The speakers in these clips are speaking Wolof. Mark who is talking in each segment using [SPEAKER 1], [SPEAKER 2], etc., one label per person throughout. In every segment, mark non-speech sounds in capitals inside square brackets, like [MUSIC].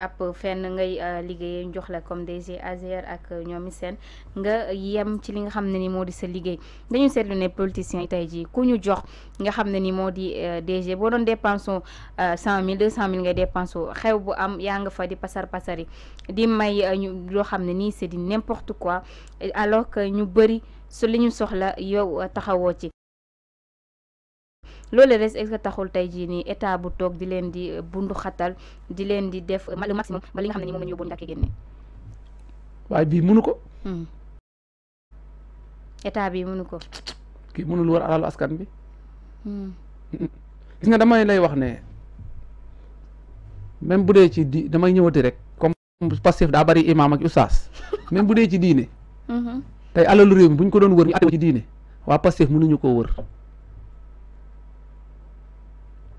[SPEAKER 1] ab fenn ngay euh, liggéeyee ñu jox la comme DG AGR ak ñoomi seen nga yem ci li nga xam ne ni moo di sa liggéey dañu seetlu ne politicien tey jii ku ñu jox nga xam ne ni moo di euh, DG boo doon dépense euh, cent mille deux cent mille ngay dépense xew bu am yaa nga fa di pasar pasar di may ñu loo xam ne nii c'est di n'importe quoi alors que ñu bëri su li ñu soxla yow taxawoo ci lolé res ex ce taxul tay ji ni état bu tok di len di euh, bundu xatal di len di def euh, le maximum ba li nga xamné ni moom la ñu yóbboon Ndakaaru génne. waaye bii mënu ko. Hmm. état bi mënu ko. kii lu war alal askan bi. Hmm. gis nga dama lay wax ne même bu ci di damay ñëwati rek comme Pastef da bari imam ak oustaz [LAUGHS] même bu ci diiné hmm tay alalu réew buñ bu ko doon wër ñu àtte ci diine waa Pastef mënuñu wër.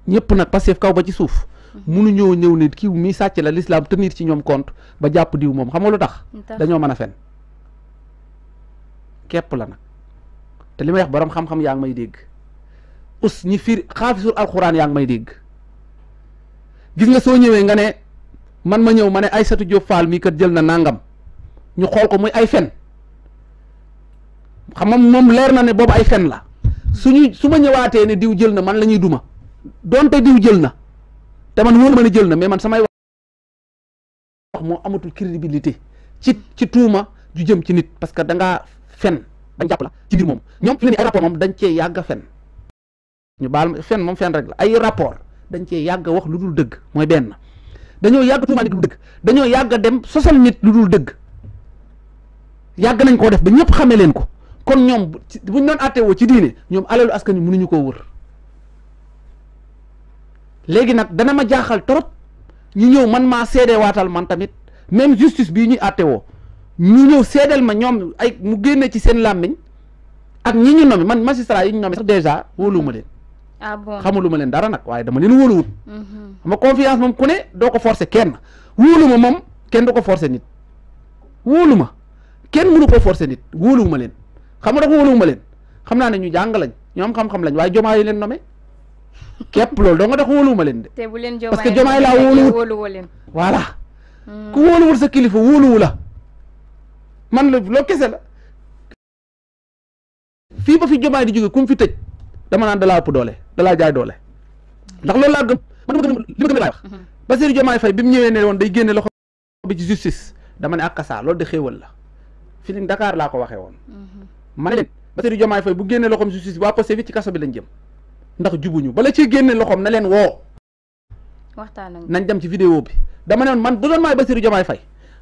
[SPEAKER 1] ñépp nag Pastef kaw ba ci suuf munu ñëw ñëw ne kiw mi sàcc la l'islam tenir ci ñoom compte ba jàpp diw moom xam nga lu tax dañoo man a fen képp la nag te li may wax borom xam-xam yaa ngi may dégg us ñi firi xaafisul alxuraan yaa ngi may dégg gis nga soo ñëwee nga ne man ma ñëw ma ne Aysatu Jóob Faal mii kat jël na nangam ñu xool ko muy ay fen xam nga moom leer na ne boobu ay fen la suñu su ma ñëwaatee ne diw jël na man la ñuy duma donte diw jël na te man wóor ma jël na mais man samay wax moo amatul crédibilité ci ci tuuma ju jëm ci nit parce que da ngaa fen bañ jàpp la ci biir moom ñoom fi ne ay rapport moom dañ cee yàgg fen ñu baal fen moom fen rek la ay rapport dañ cee yàgg wax lu dul dëgg mooy benn dañoo yàgg tuuma nit lu dëgg dañoo yàgg dem sosal nit lu dul dëgg yàgg nañ koo def ba ñëpp xamee leen ko kon ñoom buñ doon woo ci diine ñoom alalu askan wi mënuñu koo wër léegi nag dana ma jaaxal trop ñu ñëw man maa seede waatal man tamit même justice bii ñuy àtte woo ñu ñëw seedeel ma ñoom ay mu génne ci seen làmmiñ ak ñi ñu nomi man magistrat yi ñu nomi sax dèjà wóoluwuma leen. ah bon xamuluma leen dara nag waaye dama leen wóoluwut. Mhm. xam nga confiance moom ku ne doo ko forcer kenn wóoluma moom kenn du ko forcer nit wóoluma kenn mënu ko forcer nit wóoluwuma leen xam nga dafa wóoluwuma leen xam naa ne ñu jàng lañ ñoom xam-xam lañ waaye jomaa yi leen nome képp loolu doo nga tax wóoluwuma leen de. leen jomaay parce que jomaay laa wóoluwul leen voilà. Hmm. ku sa kilifa wóoluwu la man la loo kese la. fii ba fi jomaay di jóge ku fi tëj dama naan dalaa ëpp doole dalaa jaay doole ndax loolu laa gëm man dama gëm li ma hmm. bi mu ñëwee ne woon day génne loxo bi ci justice dama ne ak saa loolu de xéewal la fii nii laa ko waxee woon. Hmm. ma ne leen Bassirou Diomaye Faye bu génne loxoom justice waa Pastef ci kaso bi lañ jëm. ndax jubuñu bala ci génne loxoom na leen woo. waxtaan nañ dem ci vidéo bi dama ne man bu doon maay Bassirou Diomaye fay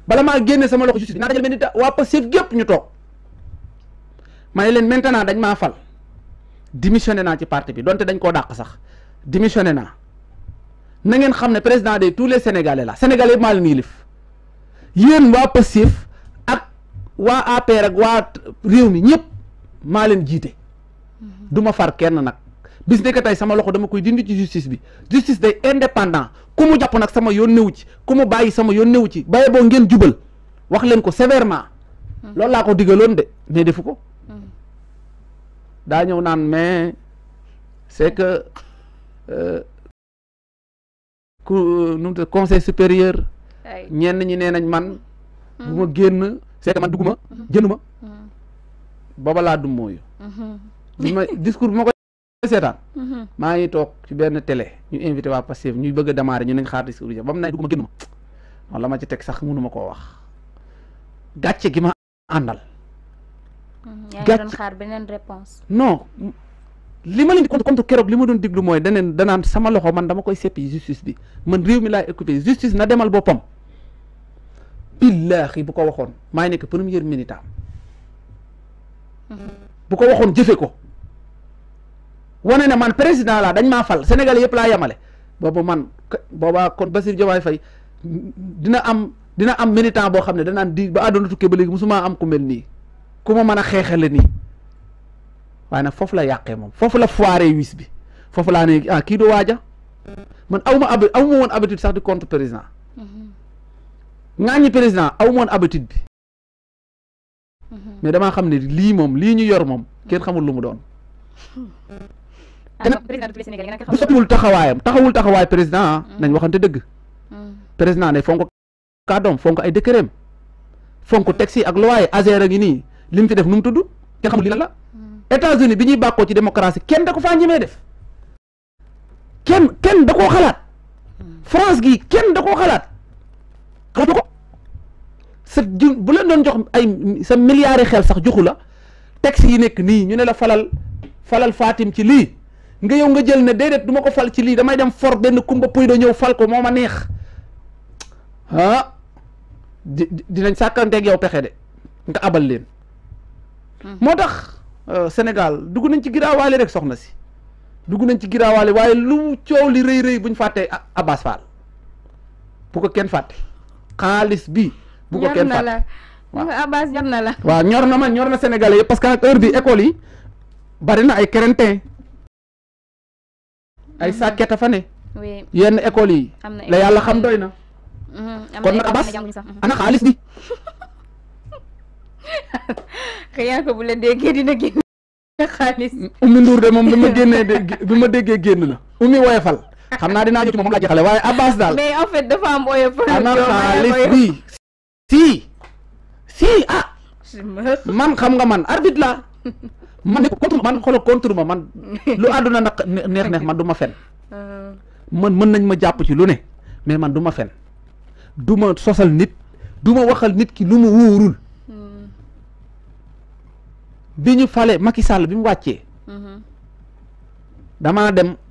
[SPEAKER 1] bala maa génne sama loxo justice bi naa dajal benn waa Pastef gépp ñu toog ma ne leen maintenant dañ maa fal démissionné naa ci parti bi donte dañ koo dàq sax démissionné naa na ngeen xam ne président de tous les sénégalais la sénégalais yëpp maa leen yilif yéen waa Pastef ak waa APR ak waa réew mi ñëpp maa leen jiite mhm. duma far kenn nag. bis nekk tey sama loxo dama koy dindi ci justice bi justice day indépendant ku mu jàpp nag sama yoon newu ci ku mu bàyyi sama yoon newu ci bàyyi boo ngeen jubal wax leen ko sévèrement hmm. loolu laa ko digaloon de mais defu ko hmm. daa ñëw naan mais c'est que euh, ku nu mu conseil supérieur ñenn ñi nee nañ man hmm. bu ma génn c'est man dugguma jënduma booba mooyu ma discours bi ma ko seetaan mhm. maa ngi toog ci benn télé ñu invité waa Pastef ñuy bëgg a démarrer ñu nañ xaar disque brisé ba mu ne duguma génn ma man la ma ci teg sax mënu ma koo wax gàcce gi ma àndal mhm, yaa xaar beneen réponse non li ma leen compte keroog li ma doon diglu mooy daneen danaan sama loxo man dama koy seppi justice bi man réew mi laay occupé justice na demal boppam billaahi bu ko waxoon maa ngi nekk premier militant mhm. bu ko waxoon jëfe ko wane na man président laa dañ maa fal Sénégal yëpp laa yemale boobu man boobaa kon Bassirou Diomaye Faye dina am dina am militant boo xam ne danaan di ba àdduna tukkee ba léegi musuma am ku mel nii ku ma man a xeexale nii waaye nag foofu la yàqee moom foofu la foiree wis bi foofu laa ne ah kii du waaja man aw ma aw ma woon habitude sax di contre président mhm. ŋaañi président aw bi mhm. mais damaa xam ne lii moom lii ñu yor moom kenn xamul lu mu doon [LAUGHS] soppiwul taxawaayam taxawul taxawaay président nañ waxante dëgg président ne fonk kàddoom fonk ay dëkkëreem fonk taxi ak loi yi ASER a ngi nii li mu fi def nu mu tudd te xamul li la États-Unis bi ñuy bàkkoo ci démocratie kenn da ko faa ñemee def kenn kenn da koo taxi yi nekk nii ñu falal falal Fatim ci nga yow nga jël ne déedéet duma damai ko fal ci li damay dem for ben kumba puy do ñew fal ko moma neex ha ah, di dinañ ak yow pexé de nga abal leen. Hmm. motax senegal euh, Sénégal dugg nañ ci giraawaale rek soxna ci duggu nañ ci giraawaale waye lu ciow li reey reey buñ faté ah, Abbas Fall bu ko kenn faté xaalis bi. bu ko kenn faté [LAUGHS] Abbas ñor na la. waaw ñor na man ñor na Sénégalais yëpp parce que heure bi école yi bari na ay créntin ay mhm. sàkket a fa ne yenn école yi la yàlla xam doy na mhm. kon nag Abass mhm. ana xaalis bi [LAUGHS] xëy ko bu leen déggee dina génn [LAUGHS] de moom bi ma [LAUGHS] génnee ma déggee génn la Oumy woyofal xam naa dinaa jot ci moom moom laa jeexale waaye Abass daal en fait dafa ana xaalis bi si si ah man xam nga man arbitre la man ne ko contre man xoolal contre ma man [LAUGHS] lu àdduna nag neex neex man du ma fen ah. man mën nañ ma jàpp ci lu ne mais man du ma fen du ma sosal nit du ma waxal nit ki lu mu wóorul hmm. bi ñu fale Macky sàll bi mu wàccee hmm. damaa dem